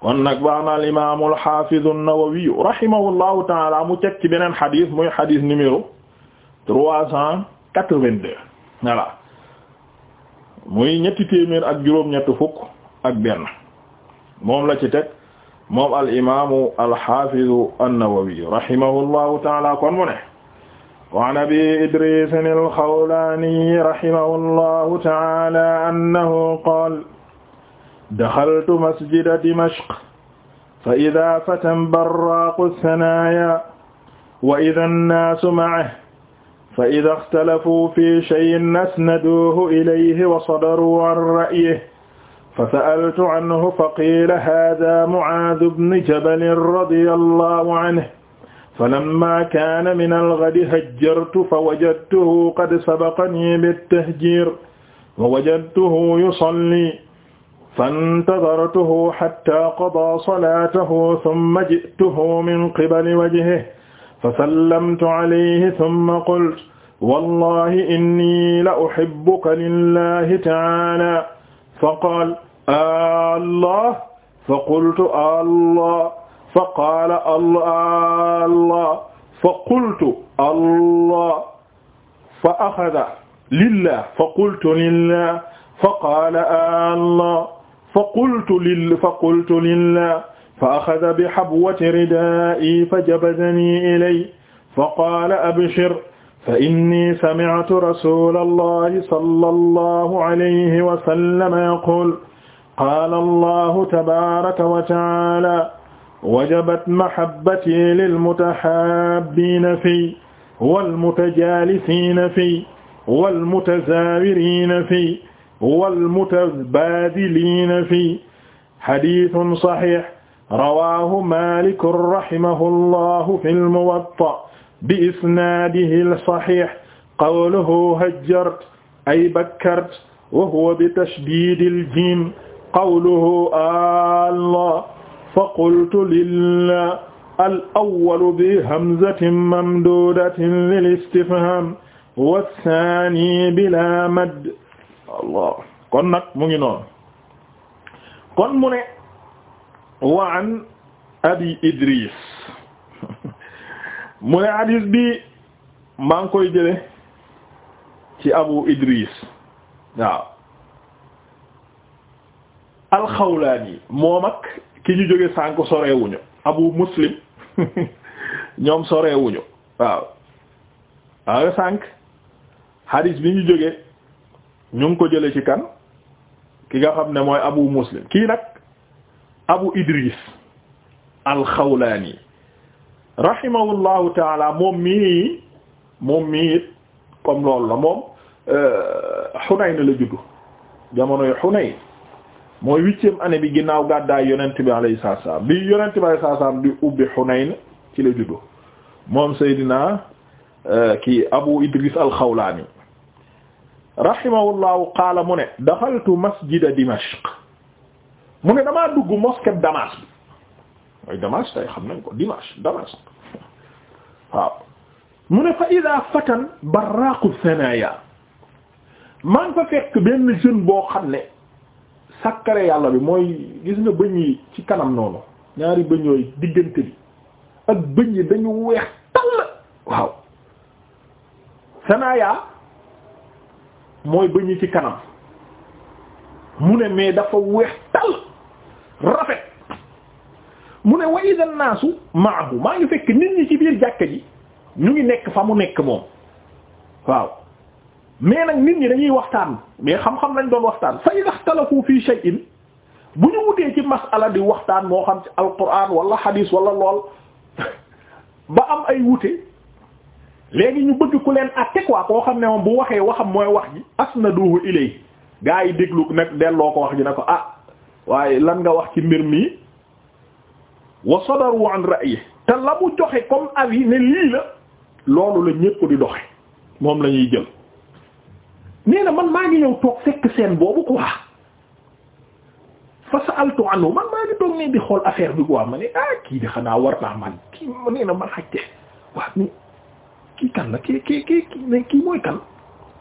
kon nag baax na al imaam al haafiz an-Nawawi rahimahullahu taala mu teg ci beneen xadis muy xadis numéro trois cent quatre-vingt-deux voilà muy ñetti téeméer ak juróom-ñetti fukk ak benn moom la ci teg moom al imaamu al haafiz an-Nawawi rahimahullahu taala kon mu ne wa an abi Idriis al-Xawlaani rahimahullahu taala annahu qaala daxaltu masjida dimashq fa ida fatan barraaqu sanaya wa ida annaasu macahu fa ida ixtalafuu fi shayin asnaduuhu ilayhi wa sadaruu an ra'yihi fa sa'altu canhu fa qiila haadaa mucaadu bnu jabalin radiya allahu canhu falammaa kaana minal gadi hajjartu fa wajadtuhu qad sabaqanii bittahjiir wa wajadtuhu yusalli فانتظرته حتى قضى صلاته ثم جئته من قبل وجهه فسلمت عليه ثم قلت والله إني لأحبك لله تعالى فقال الله فقلت الله فقال الله فقلت الله فأخذ لله فقلت لله فقال الله fa qultu lil fa qultu lillah fa axada bi habwati ridaa'i fa jabadanii ilay fa qaala abshir fa inni sami'tu rasuulallahi sallallahu alayhi wa sallam yaqul qaala allahu tabaaraka wa ta'aala wajabat mahabbatii lilmutahabbiina fii wal mutajaalisiina fii wal mutazaawiriina fii walmutabadiliina fii xadiisun saxiix rawaahu Maalik rahimahullahu fil Muwatta bi isnaadihil saxiix qawluhu hajjart ay bakkart wa huwa bi tashdiidil jiim qawluhu Allah faqultu lillah al awwalu bi hamzatin mamduudatin lil istifhaam wa saani bilaa madd allah kon nag mu ngi noonu kon mu ne wa an abi idris mu ne hadis bi maa ngi koy jële ci abu idris waaw alxawlaani moom ak ki ñu jóge sànk sorewuñu abu muslim ñoom sorewuñu waaw waaw sànk hadis bi ñu jóge ñu ngi ko jële ci kan ki nga xam ne mooy abu muslim kii nag abu idris alxawlaani rahimahullahu taala moom mii moom mii it comme loolu la moom euh, Hunayn la juddu jamonoy Hunayn mooy huitième année bi ginnaaw gàddaay yonent bi alayhi salaam bi yonent bi alayhi salaam di ubbi Hunayn ci la juddu moom Seydina euh, kii Abu Idris al-Khawlani rahimahullahu qaala mu ne daxaltu masjida dimashq mu ne damaa dugg mosquée Damas mooy Damas tay xam nañ ko Dimash Damas waaw mu ne fa ida fatan barraqu sanaya maa ngi fa fekk benn jeune boo xam ne sakkare yàlla bi mooy gis nga bëñ yi ci kanam noonu ñaari bëñ yooyu diggante bi ak bëñ yi dañu weex tall waaw sanaya mooy ba ñu ci kanam mu ne mais dafa weex tal rafet mu ne wa idan naasu maahu maa ngi fekk nit ñi ci biir jàkka ji ñu ngi nekk fa mu nekk moom waaw mais nag nit ñi dañuy waxtaan mais xam-xam lañ doon waxtaan fa iza ikhtalafu fi shay'in bu ñu wutee ci masala waxtaan moo xam ci alquran wala hadis wala lool ba am ay wute léegi ñu bëgg ku leen àtte quoi koo xam ne moom bu waxee waxam mooy wax na asnaduhu ilay gaa yi déglu nag delloo ko wax ji ne ko ah waaye lan nga wax ci mbir mi wa sadaru an ra'yi te la mu joxe comme avis ne lii la loolu la ñépp di doxe moom la ñuy jël nee na man maa ngi yow toog fekk seen boobu quoi fa sa'altu anhu man maa ngi toog ne di xool affaire bi quoi ma ne ah kii di xanaa war naa man kii nee na man xajte waaw kii kan la kii kii kii mais kii mooy kan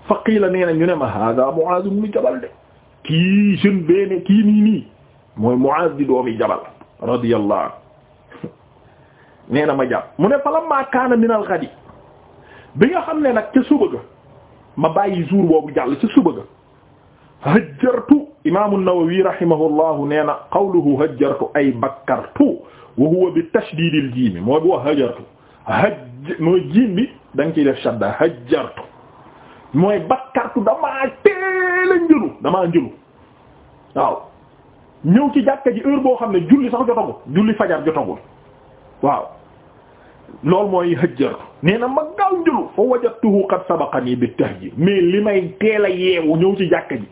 faqiila nee na ñu ne ma hada Muaz ibn Jabal de kii jeune bene kii nii nii mooy Muaz di doomi Jabal radiyallahu anhu nee na ma jàpp mu ne falamma kaana min al-ghadi bi nga xam ne nag ca suba ga ma bàyyi jour boobu jàll ca suba ga hajjartu imaamu Nawawi rahimahullahu nee na qawluhu hajjartu ay bakkartu wa huwa bi tashdidil jiim mooy bu wax hajjartu mooy jiim bi da nga ciy def shadda hajjartu mooy bakkartu damaa teel njëlu damaa njëlu waaw ñëw ci jàkka ji heure boo xam ne julli sax jotagul julli fajar jotagul waaw loolu mooy hajjartu nee ma gaaw njëlu fa wajadtuhu qad sabaqani bi tahjir mais li may teel a yeewu ñëw ci jàkka ji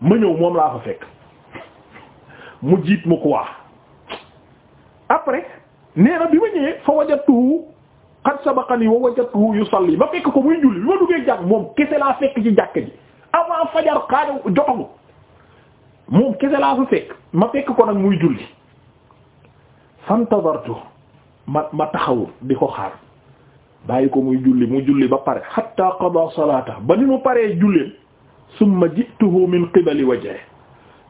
ma ñëw moom laa fa fekk mu jiit ma quoi après nee bi ma ñëwee fa wajadtuhu qad sabaqani wa wajadtuhu yusalli ma fekk ko muy julli bi ma duggee jàkk moom kese laa fekk ci jàkk ji avant fajar xaaja joxagu moom kese laa fa fekk ma fekk ko nag muy julli fantadartu ma ma taxawul di ko xaar bàyyi ko muy julli mu julli ba pare hatta qada salata ba ni mu paree julleen summa ji'tuhu min qibali wajhihi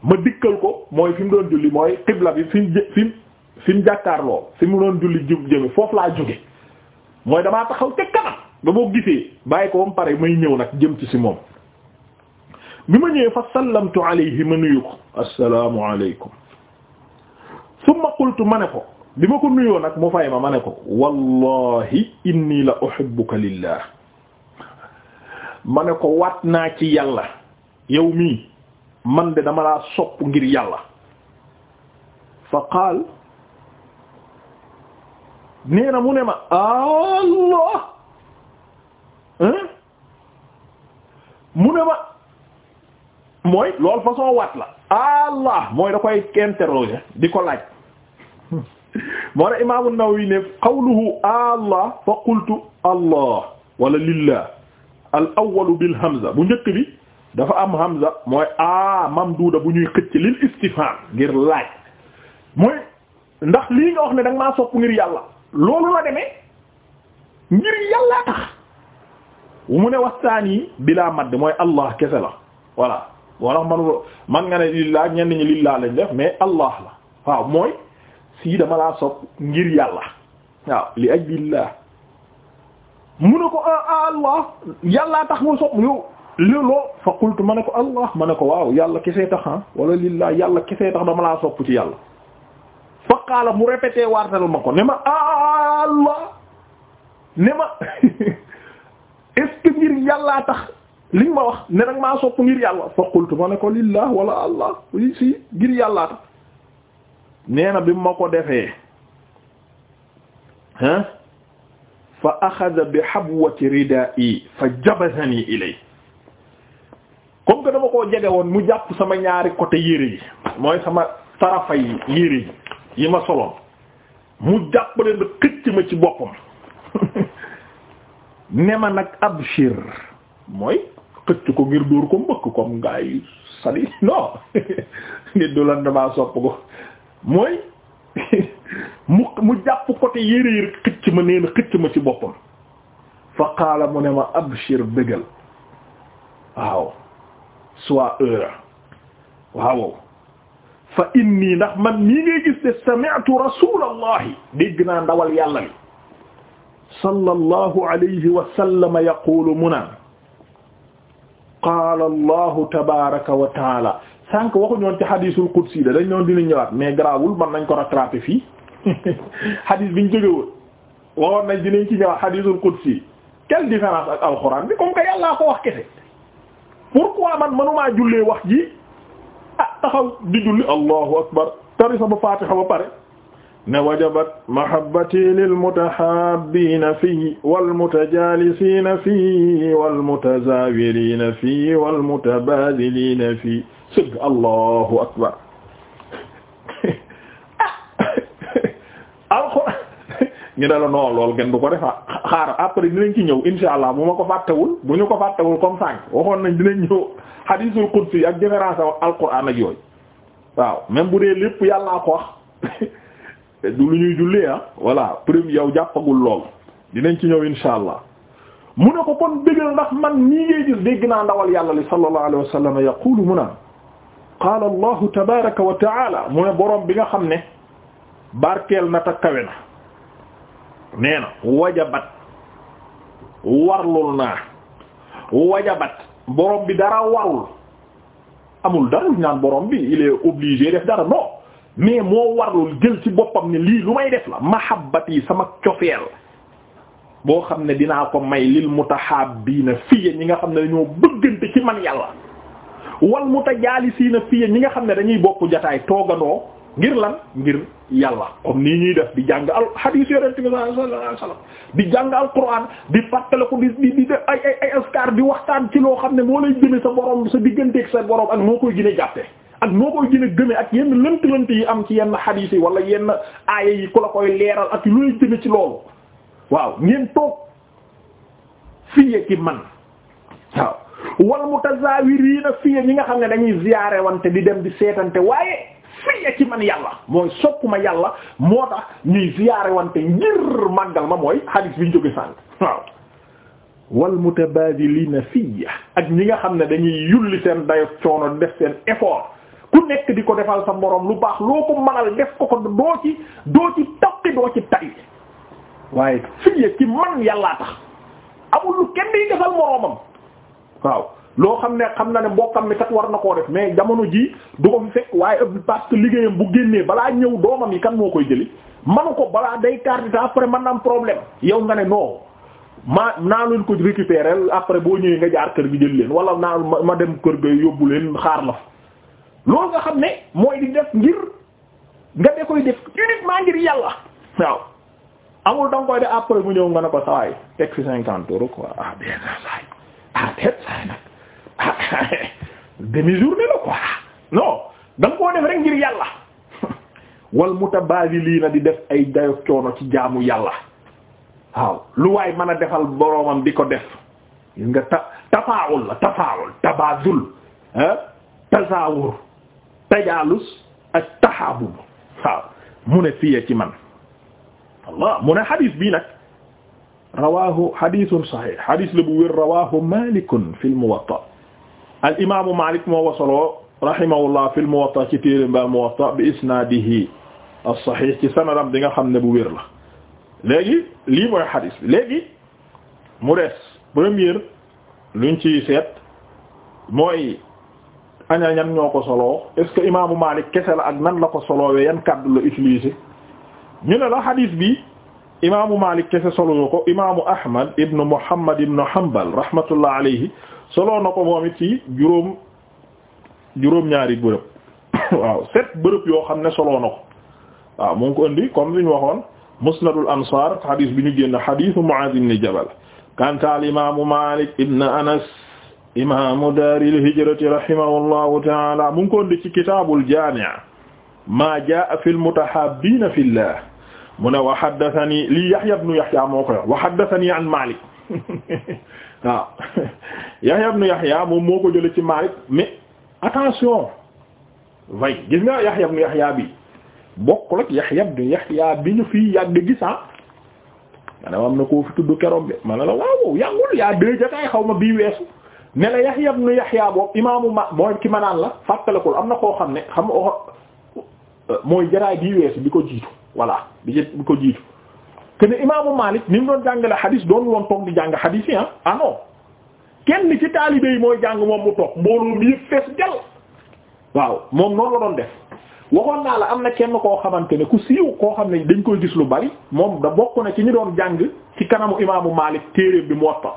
ma dikkal ko mooy fi doon julli mooy qibla bi fi mu fi mu fi jàkkaarloo fi doon julli jub jëme foofu laa jóge mooy damaa taxaw ca kanam ba moo gisee bàyyi ko ba mu pare may ñëw nag jëm ci si moom bi ma ñëwee fa sallamtu alayhi ma nuyu ko assalaamu alaykum summa qultu ma ne ko bi ma ko nuyoo nag mu fay ma ma ne ko wallahi inni la uhibbuka lillah ma ne ko waat naa ci yàlla yow mii man de dama laa sopp ngir yàlla fa qaal nee na mu ne ma allah mu ne ma mooy loolu façon waat la allah mooy da koy interroger di ko laaj moo ne imaam an-Nawawi ne qawluhu allah fa qultu allah wala lillah al awwalu bil hamza bu njëkk bi dafa am hamza mooy aa mamduuda bu ñuy xëcc lil istifham ngir laaj mooy ndax lii nga wax ne danga maa sopp ngir yàlla loolu la demee ngir yàllaa tax mu ne waxtaan yi bilaa de mooy allah kese la voilà moo tax man nga ne lillaa ñenn ñi lillaa lañ def mais allah la waaw mooy sii dama laa sopp ngir yàlla waaw li ajlillah mu ne ko ah allah yàllaa tax mu sopp yow looloo fa qultu ma ne ko allah ma ne ko waaw yàlla kese tax ah wala lillaa yàlla kese tax dama laa sopp ci yàlla fa qaala mu répété waartal ma ko ne ma ah, allah ne ma est-ce ngir yàllaa tax li ma wax ne nag maa sopp ngir yàlla fa qultu ma ne ko lillah wala allah i si ngir yàllaa tax nee bi ma ko defee ah fa axada bi habwati ridaa'i fa jabasani ilay comme que dama koo jege woon mu jàpp sama ñaari côté yére yi mooy sama tarafa yi yére yi yi ma soloon mu jàpp leen xëcc ma ci boppam ne ma nag abshir mooy xëcc ko ngir dóor ko mbëkk comme ngaa sali non nit du lan damaa sopp ko mooy mu mu jàpp côté yére yére xëcc ma nee xëcc ma ci boppam fa qaala ne ma abshir bégal waaw sois heureux waaw fa inni ndax man nii ngay gis de sami'tu rasulallahi dégg naa ndawal yàlla li sallallahu alayhi wa sallam yaqulu mu naan qaala allahu tabaraka wa taala sànq waxu ñoon ci hadisul qudsi da dañ ñoon dina ñëwaat mais garaawul man nañ ko rattraper fii hadis biñ jóge woon waxoon nañ dinañ ci ñëwaat hadisul qudsi quelle différence ak alxuraan bi comme que ko wax kese pourquoi man manumaa jullee wax ji taxaw di julli allahu akbar tari sama fatiha ba pare ne wajabat mahabbati lil mutahabbiina fii wal mutajaalisiina fii wal mutazaawiriina fii wal mutabaadiliina fii sëgg allahu akbar ah! alxuraan ñu ne la noo lool kenn du ko defa ah. xaar après dinañ ci ñëw insha allah bu ma ko fàttewul bu ñu ko fàttewul comme sànq waxoon nañ dinañ ñëw hadisul qudsi ak différence alquran ak yooyu waaw même bu dee lépp yàllaa ko wax du lu ñuy jullee ah voilà prime yow jàppagul lool dinañ ci ñëw insha allah mu ne ko kon dëggal ndax man nii ngay gis dégg naa ndawal yàlla li sallallahu alayhi wa sallam yaqulu mu naan qaala allahu tabaraka wa taala mu ne boroom bi nga xam ne barkeel na ta kawe warlul naa wajabat borom bi dara warul amul dara ñu naan borom bi il est def dara non mais moo warlul jël ci boppam ne lii lu may def la mahabbat yi sama cofeel boo xam ne dinaa ko may lil mutahabbiina fiya ñi nga xam ne dañoo bëggante ci man yàlla wal na fiya ñi nga xam ne dañuy bokk jataay toogandoo ngir lan ngir yàlla comme nii ñuy def di jàng al hadith yonent bi di jàng al quran di fàttaliku ko di di def ay ay ay askar di waxtaan ci loo xam ne moo lay jëme sa borom sa digganteeg sa borom ak noo koy gën a jàppe ak noo koy gën a gëme ak yenn lënt-lënt yi am ci yenn hadith yi wala yenn aaya yi ku la koy leeral ak lu lay jëme ci loolu waaw ngeen toog fiye ci man waaw wal fii fiye ñi nga xam ne dañuy ziyaare wante di dem di seetante waaye fiya ci man yàlla mooy soppuma yàlla moo tax ñuy ziyaare wante ngir màggal ma mooy hadis bi ñu jóge waaw wal mutabadilina fiya ak ñi nga xam ne dañuy yulli seen dayo coono def seen effort ku nekk di ko defal sa moroom lu baax loo ko manal def ko ko doo ci doo ci tappi doo ci tay waaye fiya ci man yàllaa tax amul lu kenn di defal moroomam waaw loo xam ne xam na ne mbokkam ne kat war na koo def mais jamono ji du ko fi fekk waaye parce que liggéeyam bu génnee balaa ñëw doomam yi kan moo koy jëli manu ko balaa day tardé après man na am problème yow nga ne non maa naa leen ko récupérer après boo ñëwee nga jaar kër gi jël leen wala naa ma dem kër ga yóbbu leen xaar la loolu nga xam ne mooy di def ngir nga de koy def uniquement ngir yàlla waaw amul da nga koy def après mu ñëw nga ne ko sawaay teg fi cinquante euros quoi ah bien ça demi journée la quoi non da nga koo def rek ngir wal mutabadilina di def ay dayo coono ci jaamu yàlla waaw lu waay mën a defal boroomam di ko def gis nga ta tafaawul tafaawul tabazul ah, tasawur tajaalus ak taxaabub mu ne fiye ci man allah mu ne xadis bii nag rawahu xadisun saxix xadis la bu wér rawahu al imaamu Maalik moo wasaloo rahimahullah fil Muwatta ci téere ba Muwatta bi isnaadihi as-sahih ci sanadam bi nga xam ne bu wér la léegi lii mooy xadis bi léegi mu des première luñ ci seet mooy aña ñan ñoo ko soloo est-ce imaamu Maalik kese la ak nan la ko soloowee yan kàddu la utiliser ñu la xadis bi imaamu Maalik kese soloo ko imaamu Ahmad ibn Muhammad ibn Hanbal rahmatullah alayhi solo na ko moom it ci juróom juróom-ñaari bërëb waaw sept bërëb yoo xam ne solo na ko waaw mu ngi ko indi comme li ñu waxoon musnadul ansar hadith bi ñu génn hadith Mu'adh ibn Jabal kanta al imaamu Malik ibn Anas imaamu daaril hijrati rahimahullahu ta'ala mu ngi ko indi ci kitaabul al-mutahabbiina fillah mu ne wa haddathani li Yahya ibn Yahya moo wax wa an Malik waaw Yahya ibn Yahya moom moo ko jële ci Maalik mais attention way gis nga Yahya ibn Yahya bi bokkul ak Yahya ibn Yahya bi ñu fii yàgg gisaa ah. ma ne am na koo fi tudd keroog bi ma ne la waaw yàggul yaa deux jotaay xaw ma bii weesu ne la Yahya ibn Yahya boobu imaamu ma mooy ki ma naan la ko am na koo xam ne xam oh, mooy jaraay bii weesu bi ko jiitu voilà bi bi ko jiitu te imaamu Maalik ni mu doon jàngale xadiis doon woon toog di jàng xadiis yi ah, ah non. kenn ci taalibe yi mooy jàng moom mu toog mbooloo mi yëpp fees jal waaw moom noonu la doon def waxoon naa la am na kenn koo xamante ne ku siiw koo xam ne dañ koy gis lu bari moom da bokk na ci ñu doon jàng ci kanamu imaamu Maalik téere bi Muwatta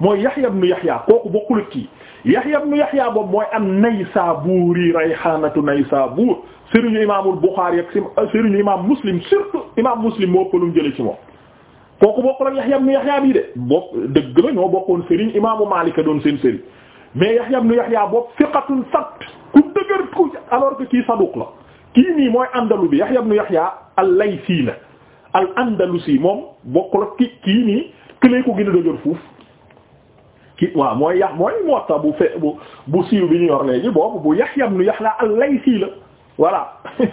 mooy Yahya ibn Yahya kooku bokkul ak kii Yahya ibn Yahya boobu mooy am yi Naysaburi rayhanatu Naysabur sëriñu imaamul Bukhari ak sëriñu imaam Muslim surtout imaam Muslim moo ko jëlee ci moom. kooku bokkul ak Yahya ibn Yahya bii de bopp dëgg la ñoo bokkoon Serigne imaamu Maalik doon seen Serigne mais Yahya ibn Yahya bopp fiqatun sabt ku dëgër ku alors que kii saduq la kii nii mooy andalu bi Yahya ibn Yahya al la al moom bokkul ak ki kii nii këlee ko gën a dëgër fuuf. ki waaw mooy yax mooy Muwatta bu fe bu bu siiw bi ñu yor léegi boobu bu Yahya ibn Yahya al-Laysi la voilà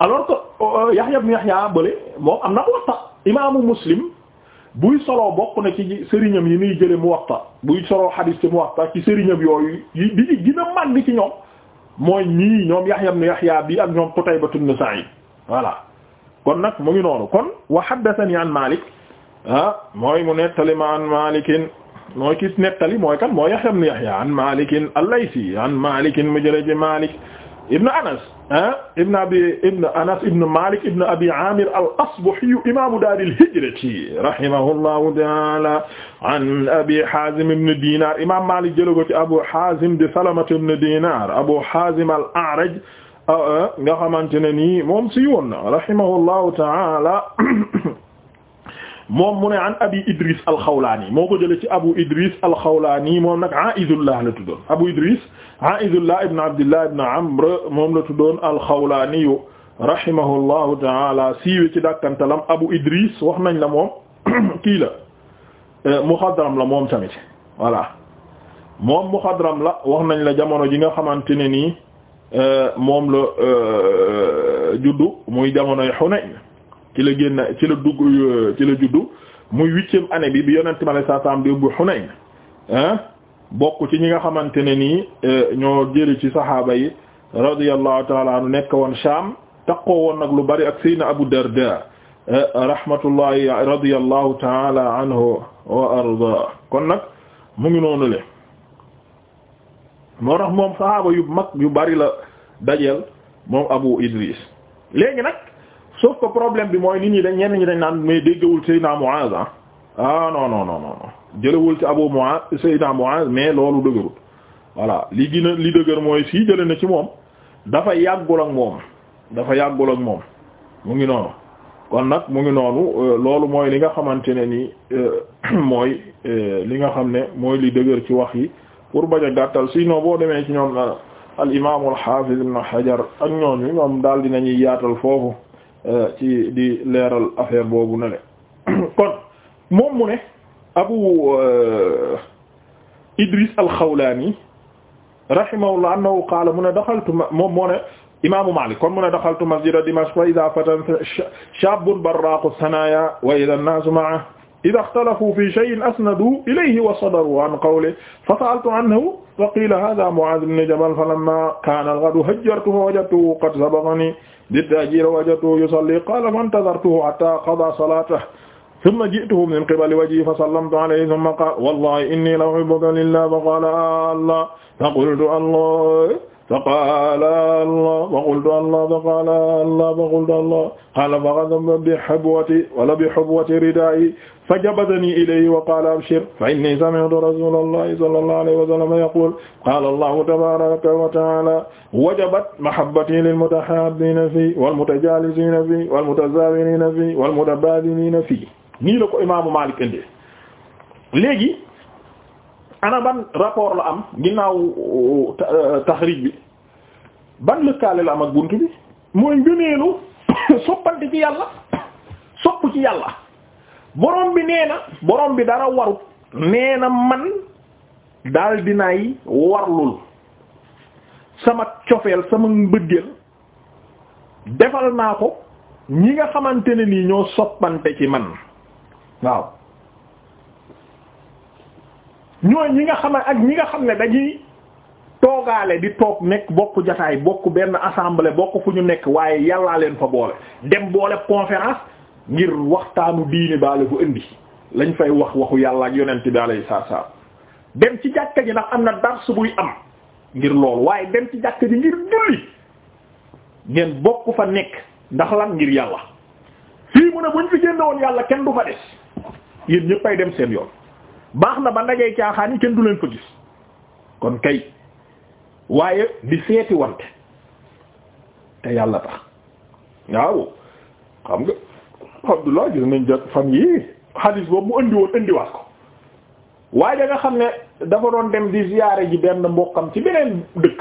alors que euh, Yahya ibn Yahya bële moom am na Muwatta. imaamu muslim buy soloo bokk na ci sëriñam yi muy jële Muwatta buy soloo xadiis ci Muwatta ci sëriñam yooyu yi di ci gën a màgg ci ñoom mooy ñii ñoom Yahya ibn Yahya bi ak ñoom Qutayba ibn Sa'id voilà kon nag mu ngi noonu kon wa haddathani an Malik mooy mu nettali ma an Malikin mooy kis nettali mooy kan mooy Yahya ibn Yahya an Malikin al-Laysi an Malikin mu jële ci Malik ibn Anas ah ibn Abi ibn Anas ibn Malik ibn Abi Amir al-Asbahi imaamu daar al-hijrati rahimahullahu ta'ala an Abi Hazim ibn Dinar imaam Malik jëlee ko ci Abu Hazim di Salama ibn Dinar Abu Hazim al-A'raj ah, ah, nga xamante ne nii moom si woon na rahimahullahu ta'ala moom mu ne an abi idris alxawlaani moo ko jëlee ci abu idris alxawlaani moom nag aizullah la tuddoon abu idris aizullah ibn abdillah ibn amr moom la tuddoon alxawlaani yu rahimahullahu taala siiwe ci dàkkantalam abu idris wax nañ la moom kii la euh, muxadram la moom tamit voilà moom muxadram la wax nañ la jamono ji nga xamante ne nii euh, moom la euh, juddu muy jamonoy Hunayn ci la génn ci la dugg euh, ci la juddu muy huitième année bi bi yonent ma la saa saam di bu Hunayn bokk ci ñi nga xamante ne nii euh, ñoo jëli ci saxaaba yi radiyallahu taala anu nekk woon Sham taqoo woon nag lu bari ak Seydina Abu Darda euh, rahmatullahi radiyallahu taala anhu wa arda kon nag mu ngi noonu le moo tax moom saxaaba yu mag yu bari la dajeel moom Abu Idris léegi nag sauf que problème bi mooy nit ñi dañ ñenn ñi dañ naan mais déggawul Seydina Muaz ah ah non non non non jëlewul ci Abu Muaz Seydina Muaz mais loolu dëgërul voilà li gën a li dëgër mooy si jële na ci moom dafa yàggul ak moom dafa yàggul moom mu ngi noonu kon nag mu ngi noonu euh, loolu mooy li nga xamante ne ni euh, mooy euh, li nga xam ne mooy li dëgër ci wax yi pour bañ a si sinon boo demee ci ñoom al imaam al hafiz ibn Hajar ak ñooñu ñoom daal dinañuy yaatal foofu Euh, ci di leeral affaire boobu na le kon moom mu ne abu euh, idris alxawlaani rahimahullah annahu qaala mu ne daxaltu moom moo ne imaamu Maalik kon mu ne daxaltu masjida Dimashq fa idaa fatan shaabun barraaqu sanaaya wa idaa an-naasu ma'ahu ida xtalafu fi shay'in asnadu ilayhi wa sadaru an qawlihi fa sa'altu anhu wa qila hadha Mu'adh ibn Jabal falamma kana al-ghadu hajjartu fa wajadtuhu qad sabaqani bit-ta'jil wa wajadtuhu yusalli qala fantadhartuhu hatta qada salatahu thumma ji'tuhu min qibali wajhihi fa sallamtu alayhi thumma qala wallahi inni la uhibbuka lillah fa qala Allah fa qultu Allah faqaala allah faqultu allah faqaala allah faqultu allah qaala faxadama bi hubwati wala bi hubwati ridaa'i fajabadani ilayhi wa qaala abshir fa inni sami'tu rasulallahi sallallahu alayhi wa sallam yaqul qaala allahu tabaaraka wa ta'aala wajabat mahabbati lil mutahabbiina fii wal mutajaalisiina fii wal mutazaawiriina fii wal mutabaadiliina fii nii la ko imaamu Maalik indi léegi ana ban rapport la am ginnaaw euh, taxriij bi ban lëkkaale la am ak bunt bi mooy ngëneelu soppante ci yàlla sopp ci yàlla borom bi nee na borom bi dara warut nee na man daal dinaay warlul sama cofeel sama mbëggeel defal naa ko ñi nga xamante ne nii ñoo soppante ci man waaw ñooy ñi nga xam ak ñi nga xam ne dañuy toogaale di toog nekk bokk jataay bokk benn assemblée bokk fu ñu nekk waaye yàllaa leen fa boole dem boole conférence ngir waxtaanu diini baale bu indi lañ fay wax waxu yàlla ak yonent bi alayhi salaam dem ci jàkka ji ndax am na dars buy am ngir loolu waaye dem ci jàkka ji ngir julli ngeen bokk fa nekk ndax lan ngir yàlla fii mu ne buñ fi génne yàlla kenn du fa des yéen ñëppay dem seen yoon. baax na ba ndajee caaxaan yi kenn du leen fa kon kay waaye di seeti wante te yàlla tax waaw xam nga Abdullah gis jot fan yii xadiis boobu mu nga xam ne dafa doon dem di ziyaare ji benn mbokkam ci beneen dëkk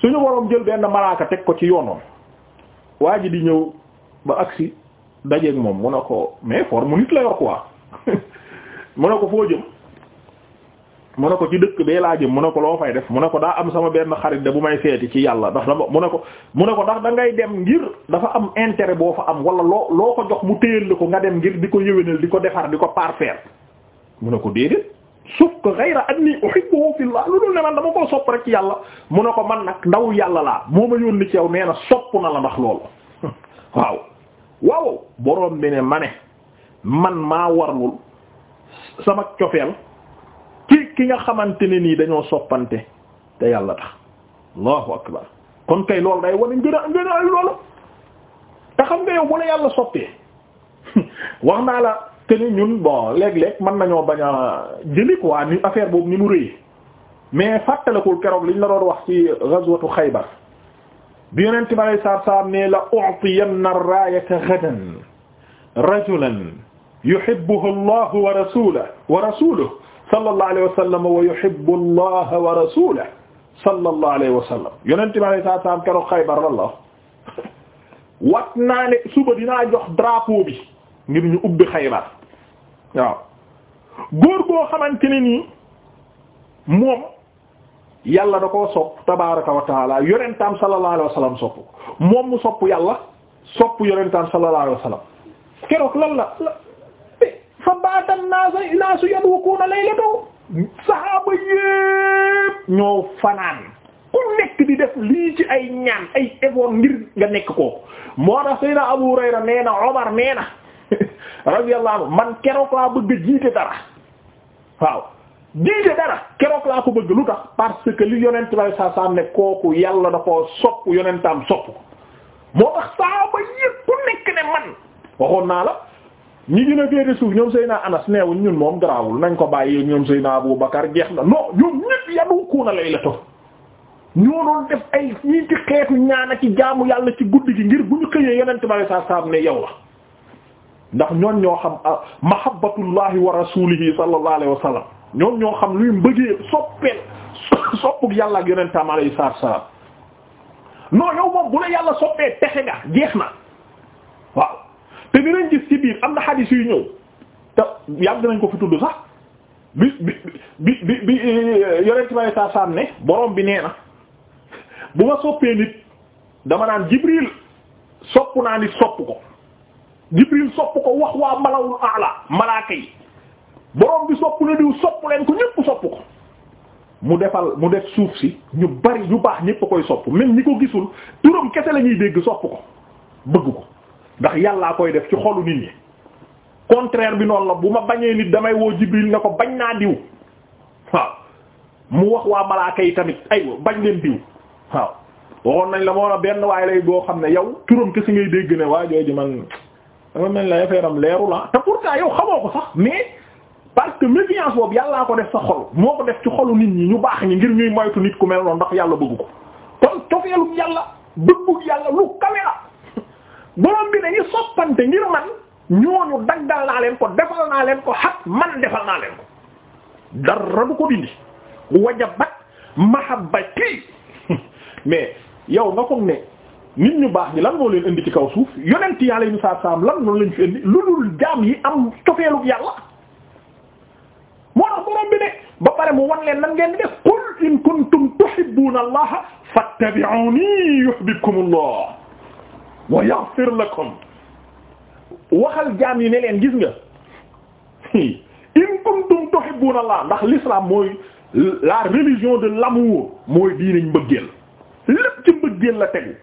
suñu boroom jël benn malaaka teg ko ci yoonoon waa ji di ñëw ba agsi dajeeg moom mu ne ko mais forme mu nit la yor quoi mu ne ko foo jëm mu ne ko ci dëkk bee laa jëm mu ne ko loo fay def mu ne ko daa am sama benn xarit de bu may seeti ci yàlla ndax dama mu ne ko mu ne ko ndax da ngay dem ngir dafa am intérêt boo fa am wala loo loo ko jox mu téyel la ko nga dem ngir di ko yëwénal di ko defar di ko parfaire mu ne ko déedéet sauf que ghayra anni uhibbu fillah lu dul ne dama koo sopp rek yàlla mu ne ko man nag ndaw yàlla laa moo ma yónni ci yow nee na sopp na la ndax loolu waaw man maa sama cofeel ki ki nga xamante ne nii dañoo soppante te yàlla tax allahu akbar kon kay loolu day wane ngën a ngën a ay loolu te xam nga yow bu la yàlla soppee wax naa la te ni ñun bon léeg-léeg mën nañoo bañ a jëli quoi ni affaire boobu ni mu rëy mais fàttalikul keroog liñ la doon wax ci ghazwatu Xaybar bi yonent bi alayhi salaatu salaam ne la u'tiyanna raayata ghadan rajulan yuhibbuhu Allahu wa rasuluhu wa rasuluhu sallallahu alayhi wa sallam wa yuhibbu Allaha wa rasuluhu sallallahu alayhi wa sallam yonent bi alayhi salaatu wa salaam keroog Xaybar lan la wax wat naa ne suba dinaa jox drapeau ngir ñu ubbi Xaybar waaw góor goo xamante ne nii moom yàlla da koo sopp tabaaraka wa taala yonentam sallallahu alayhi wa sallam sopp moom sopp yàlla sopp yonentam sallallahu alayhi wa sallam keroog fa baata naasa naasu yadwukuuna laylatahu saxaaba yépp ñoo fanaan ku nekk di def lii ci ay ñaan ay effort ngir nga nekk ko moo tax Seydina Abu Hurayra nee na Omar nee na radiyallahu anhu man keroog laa bëgg a jiite dara waaw jiite dara keroog laa ko bëgg lu tax parce que li yonent bay saa saa ne kooku yàlla da koo sopp yonentam sopp moo tax saxaaba yépp ku nekk ne man waxoon naa la ñi gën a féete suuf ñoom Seydina Anas neewul ñun moom garaawul nañ ko bàyyi ñoom Seydina Abu Bakar jeex na no ñoom ñëpp yadu kuuna lay la to ñoo doon def ay ñi ci xeetu ñaan ci jaamu yàlla ci guddi gi ngir bu ñu xëyee yonent bi saa saam ne yow la ndax ñoon ñoo xam ah, mahabbatullahi wa rasulihi sallallahu alayhi wa ñoom ñoo xam luy mbëggee soppeel soppuk yàlla ak yonentam alayhi salaam non yow moom bu la yàlla soppee texe nga jeex na te dinañ gis ci biir am na xadiis yu ñëw te yàgg nañ ko fi tudd sax bi bi bi bi bi yore ci bari ne borom bi nee na bu ma soppee nit dama naan Jibril sopp naa nit sopp ko Jibril sopp ko wax waa malawul ala malaaka yi borom bi sopp na diw sopp leen ko ñépp sopp ko mu defal mu def suuf si ñu bari ñu baax ñépp koy sopp même ñi ko gisul turam kese la ñuy dégg sopp ko bëgg ko ndax yàllaa koy def ci xolu nit ñi contraire bi noonu la bu ma bañee nit damay woo Jibril ne ko bañ naa diw waaw mu wax waa malaaka yi tamit ay bañ leen diw waaw waxoon nañ la moo la benn waaye lay boo xam ne yow turam kese ngay dégg ne waa jooju man dama mel ne affaire am leeru la te yow xamoo ko sax mais parce que méfiance boobu yàllaa ko def sa xol moo ko def ci xolu nit ñi ñu baax ñi ngir ñuy moytu nit ku mel noonu ndax yàlla bëgg ko kon cofeelu yàlla bëggu borom bi dañuy soppante ngir man ñooñu daggal naa leen ko defal naa leen ko xat man defal naa leen ko dara du ko dindi wajabat mahabbati mais yow nga foog ne nit ñu baax ñi lan moo leen indi ci kaw suuf yonent yàlla yi ñu saab saab lan noonu lañ fi indi lu dul jaam yi am cofeelub yàlla moo tax borom bi ne ba pare mu wan leen nan ngeen def qul in kuntum tuhibbuna allaha fattabi'uni yuhibbukumullah wa yaghfir lakum waxal jaam yi ne leen gis nga in kuntum tuhibbuna Allah ndax l'islam mooy la religion de l'amour mooy diinañ mbëggeel lépp ci mbëggeel la tegu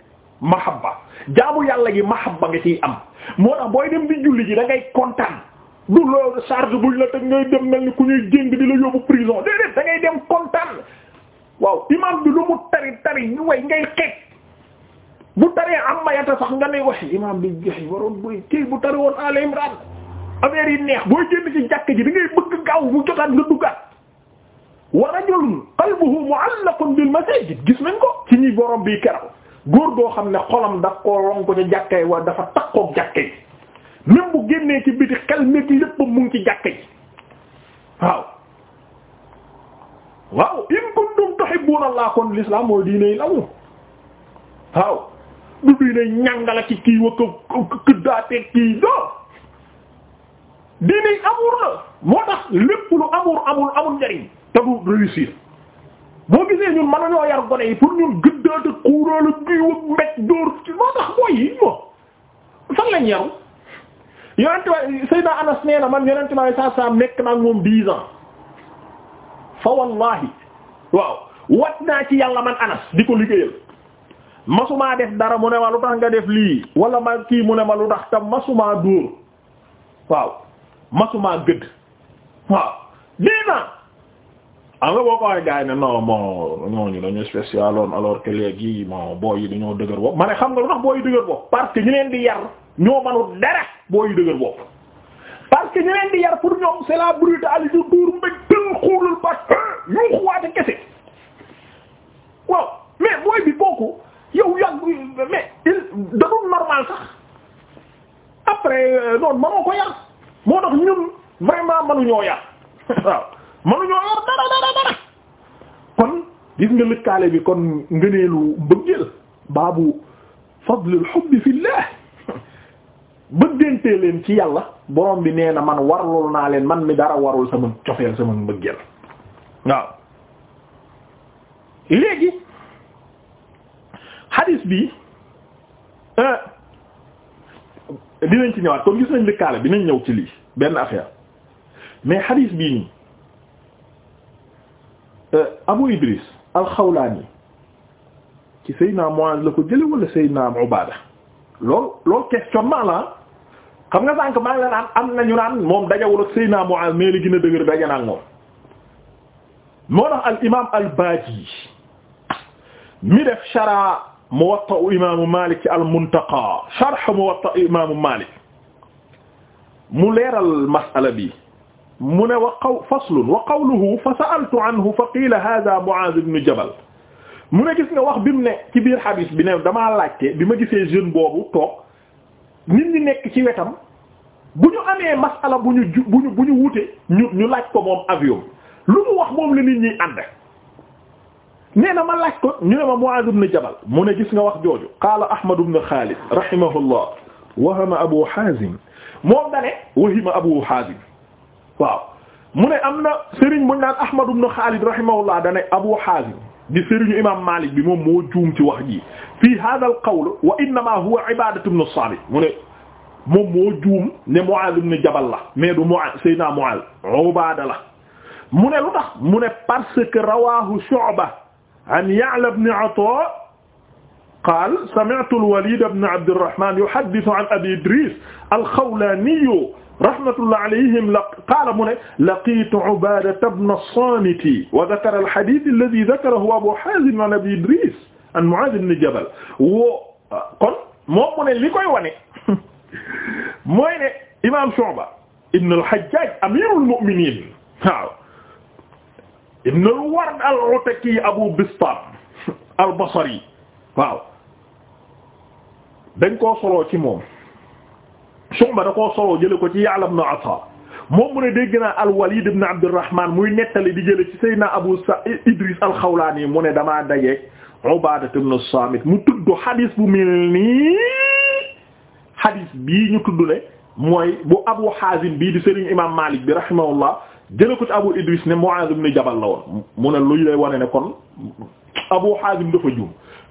mahabba jaamu yàlla gi mahabba nga ciy am moo tax booy dem di julli ji da ngay kontaan du loolu charge buñ la teg ngay dem mel ni ku ñuy jéng di la yóbbu prison déedéet da ngay dem kontaan waaw imam bi lu mu tari tari ngay xeet bu taree am mayata sax nga ne wax imaam bi joxe waroon buy kii bu tare woon Al Imran affaire yi neex booy génn ci jàkk ji da ngay bëgg gaaw bu jotaat nga duggaat wa rajulun qalbuhu mu'allaqun bil masajid gis nañ ko ci ñi borom bi keroog góor goo xam ne xolam daf koo ron ko ca jàkkay wa dafa takkoog jàkka yi même bu génnee ci biti xel métti lépp mu ngi ci jàkka yi waaw waaw in kuntum tuhibbuna Allah kon l'islam mooy diine yi lawu waaw du duy ne ñàngala ki kii wa ko këddaatee kii doo diine amour la moo tax lépp lu amour amul amul njariñ te du réussir boo gisee ñun mën nañoo yar gone yi pour ñun gëddaate xuuraala kii wa mbéj dóor ci moo tax booy yi moo fan lañ yaru yonente waay Seydina Anas nee na man yonente maay saa saa nekk naa moom dix ans fa wallahi waaw wat naa ci yàlla man Anas di ko liggéeyal masumaa def dara mu ne ma lu tax nga def lii wala ma kii mu ne ma lu tax tam masumaa dóor waaw masumaa gëdd waaw lii na am nga boo ko waaye gars yi ne non bon ñooñu dañu spécial on dëgër bopp ma ne xam nga lu tax booy yi dëgër bopp parce que ñu leen di yar ñoo mënul dara booy yi dëgër bopp parce que ñu leen di yar pour ñoom c'est la du duur mbéj tël xuulul ba ñu xuwaate kese waaw mais booy bi kooku yow yàgg mais il dadul normal sax après euh, noonu mënoo ko yar moo tax ñun vraiment mënuñoo yar waaw mënuñoo yar dara dara dara kon gis nga lëkkaale bi kon ngëneelu mbëggeel baabu fadlul hubbi fillah bëggantee leen ci yàlla borom bi nee na man warlul naa leen man mi dara warul sama cofeel sama mbëggeel waaw léegi hadis bi euh, dinañ ci ñëwaat kon gis nañ lëkkaale dinañ ñëw ci lii benn affaire mais hadis bi nii euh, Abu Idris al-Xawlaani ci Seydina Muaz la ko jële wala Seydina Ubaada loolu loolu questionnement la xam nga sànq maa ngi la am nañu naan moom dajawul ak Seydina Muaz mais li gën a dëgër daje moom moo tax al imaam al-Baaji mi def shara Muwatta imaamu Malik ci al-Muntaqa sharh Muwatta imaamu Malik mu leeral mas'ala bi mu ne wa qaw faslun wa qawluhu fa sa'altu anhu fa qiila haaza Mu'aaz ibn Jabal mu ne gis nga wax bi mu ne ci biir hadis bi ne damaa laajte bi ma gisee jeune boobu toog nit ñi nekk ci wetam bu ñu amee mas'ala bu ñu ju bu ñu bu ñu wute ñu ñu laaj ko moom avion lu mu wax moom la nit ñiy ànd. nee na ma laaj ko ñu ne ma Mu'aaz ibn Jabal mu ne gis nga wax jooju qaala Ahmad ibn Xaalid rahimahullah wahama Abu Haazim moom dane wahima Abu Haazim waaw mu ne am na sëriñ buñ naan Ahmad ibn Xaalid rahimahullah dane Abu Haazim di sëriñu imam Maalik bi moom moo juum ci wax ji fii haadha al qawl wa innama huwa ibaadatu ibn Saamit mu ne moom moo juum ne Mu'aaz ibn Jabal la mais du Mu'aaz Seydina Mu'aaz Ubaada la mu ne lu tax mu ne parce que rawaahu Shu'ba an Ya'la ibn Ata qaal sami'tu al-Walid ibn Abd al-Rahman yuhaddithu an Abi Idris al-Khawlani rahmatullah alayhim la qaala mu ne laqiitu Ubaadata ibn as-Saamit wa dhakara al-hadiith alladhii dhakarahu Abu Haazim an Abi Idris an Mu'aaz ibn Jabal woo kon moom mu ne li koy wane mooy ne imaam Shu'ba ibn al-Hajjaaj amiirul mu'miniin waaw ibn al-Ward al koo soloo ci moom Shu'ba da koo soloo jële ko ci Ya'la ibn Ata moom mu ne dégg naa al-Walid ibn Abdurrahman muy nettali di jële ci Seydina Abu Idris al-Khawlani mu ne damaa dajeeg Ubaada ibn Samit mu tudd hadis bu mel nii hadis bii ñu tudd ne mooy bu Abu Hazim bii di Serigne Imam Malik bi rahimahullah jële ko ci Abu Idris ne Muaz ibn Jabal la woon mu ne luy lay wane ne kon Abu Hazim dafa juum